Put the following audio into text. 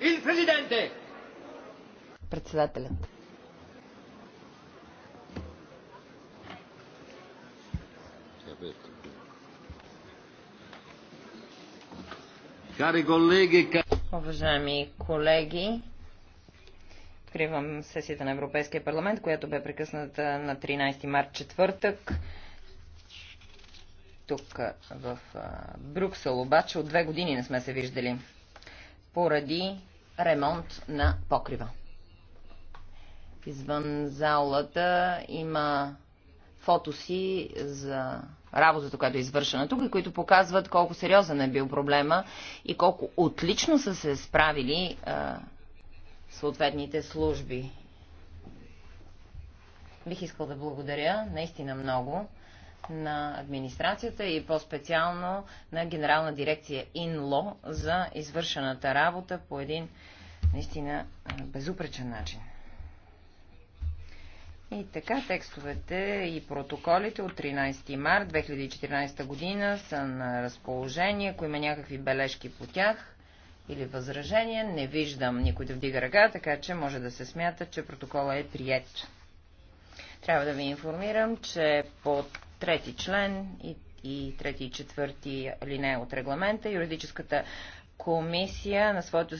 Il Presidente! Председателят. Уважаеми колеги, откривам сесията на Европейския парламент, която бе прекъсната на 13 март четвъртък тук в Брюксел, обаче от две години не сме се виждали поради ремонт на покрива. Извън залата има фотоси за работата, която е извършена тук и които показват колко сериозен е бил проблема и колко отлично са се справили а, съответните служби. Бих искал да благодаря наистина много на администрацията и по-специално на Генерална дирекция ИНЛО за извършената работа по един наистина безупречен начин. И така, текстовете и протоколите от 13 март 2014 година са на разположение. Ако има някакви бележки по тях или възражения, не виждам никой да вдига ръка, така че може да се смята, че протокола е прият. Трябва да ви информирам, че под трети член и, и трети и четвърти линия от регламента, юридическата комисия на своето